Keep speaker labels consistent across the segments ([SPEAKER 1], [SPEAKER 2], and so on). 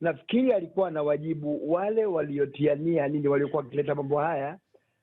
[SPEAKER 1] nafikiri alikuwa na wajibu wale waliotiania nini, waliokuwa wakileta mambo haya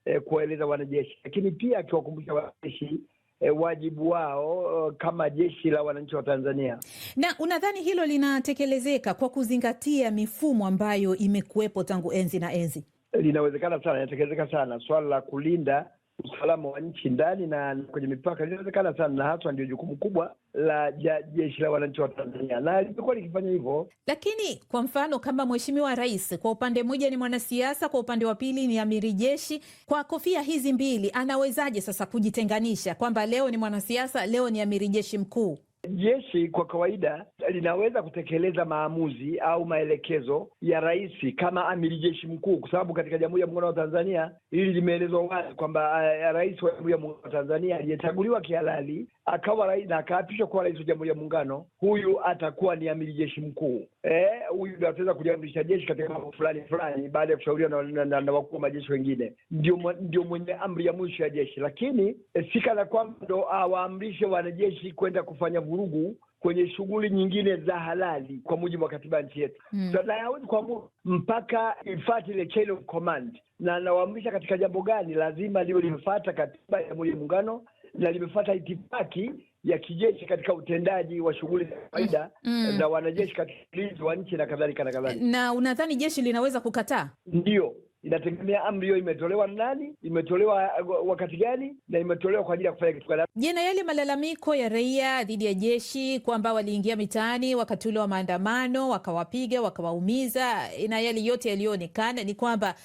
[SPEAKER 1] e, kuwaeleza wanajeshi, lakini pia akiwakumbusha wanajeshi E, wajibu wao e, kama jeshi la wananchi wa Tanzania.
[SPEAKER 2] Na unadhani hilo linatekelezeka kwa kuzingatia mifumo ambayo imekuwepo tangu enzi na enzi?
[SPEAKER 1] Linawezekana sana, inatekelezeka sana. Swala la kulinda usalama wa nchi ndani na kwenye mipaka linawezekana sana, na haswa ndio jukumu kubwa la jeshi la wananchi wa Tanzania na limekuwa likifanya hivyo.
[SPEAKER 2] Lakini kwa mfano kama mheshimiwa rais, kwa upande mmoja ni mwanasiasa, kwa upande wa pili ni amiri jeshi, kwa kofia hizi mbili anawezaje sasa kujitenganisha kwamba leo ni mwanasiasa, leo ni amiri jeshi mkuu?
[SPEAKER 1] Jeshi kwa kawaida linaweza kutekeleza maamuzi au maelekezo ya rais kama amiri jeshi mkuu, kwa sababu katika Jamhuri ya Muungano wa Tanzania hili limeelezwa wazi kwamba eh, rais wa Jamhuri ya Muungano wa Tanzania aliyechaguliwa kihalali akawa rais na akaapishwa kuwa rais wa Jamhuri ya Muungano, huyu atakuwa ni amiri jeshi mkuu. Eh, huyu ndiyo ataweza kuliamrisha jeshi katika mambo fulani fulani baada ya kushauriwa na, na, na, na wakuu wa majeshi wengine. Ndio, ndio mwenye amri ya mwisho ya jeshi, lakini eh, si kwamba ndo awaamrishe wanajeshi kwenda kufanya vurugu kwenye shughuli nyingine za halali kwa mujibu wa katiba nchi yetu. Mm. So, hayawezi kuamuru mpaka ifate ile chain of command, na anawaamrisha katika jambo gani lazima liwe limefata katiba ya Jamhuri ya Muungano na limefata itifaki ya kijeshi katika utendaji wa shughuli za kawaida mm. za wanajeshi katika ulinzi wa nchi na kadhalika na kadhalika.
[SPEAKER 2] Na unadhani jeshi linaweza kukataa?
[SPEAKER 1] Ndio, inategemea amri hiyo imetolewa nani, imetolewa wakati gani, na imetolewa kwa ajili ya kufanya kitu gani.
[SPEAKER 2] Je, na yale malalamiko ya raia dhidi ya jeshi kwamba waliingia mitaani wakati ule wa maandamano wakawapiga wakawaumiza, na yale yote yaliyoonekana ni kwamba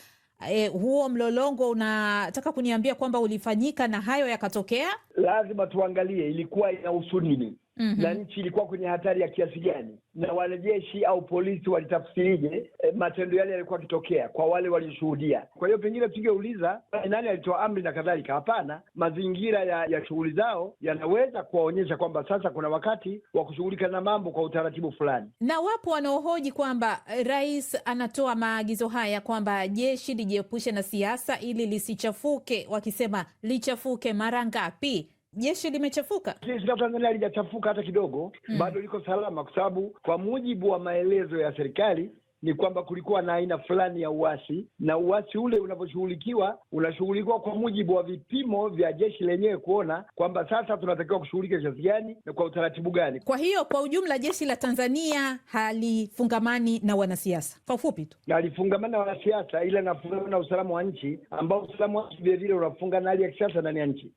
[SPEAKER 2] E, huo mlolongo unataka kuniambia kwamba ulifanyika na hayo yakatokea?
[SPEAKER 1] Lazima tuangalie ilikuwa inahusu nini. -hmm. na nchi ilikuwa kwenye hatari ya kiasi gani, na wanajeshi au polisi walitafsirije eh, matendo yale yalikuwa akitokea kwa wale walioshuhudia. Kwa hiyo pengine tungeuliza eh, nani alitoa amri na kadhalika. Hapana, mazingira ya, ya shughuli zao yanaweza kuwaonyesha kwamba sasa kuna wakati wa kushughulika na mambo kwa utaratibu fulani,
[SPEAKER 2] na wapo wanaohoji kwamba eh, rais anatoa maagizo haya kwamba jeshi lijiepushe na siasa ili lisichafuke, wakisema lichafuke mara ngapi? jeshi limechafuka?
[SPEAKER 1] Jeshi la Tanzania halijachafuka hata kidogo, mm. Bado liko salama, kwa sababu kwa mujibu wa maelezo ya serikali ni kwamba kulikuwa na aina fulani ya uasi na uasi ule unavyoshughulikiwa unashughulikiwa kwa mujibu wa vipimo vya jeshi lenyewe, kuona kwamba sasa tunatakiwa kushughulika kiasi gani na kwa utaratibu gani.
[SPEAKER 2] Kwa hiyo kwa ujumla, jeshi la Tanzania halifungamani na wanasiasa, kwa ufupi tu
[SPEAKER 1] halifungamani na wanasiasa, ila nafungamana na usalama wa nchi, ambao usalama wa nchi vilevile unafunga na hali ya kisiasa ndani ya nchi.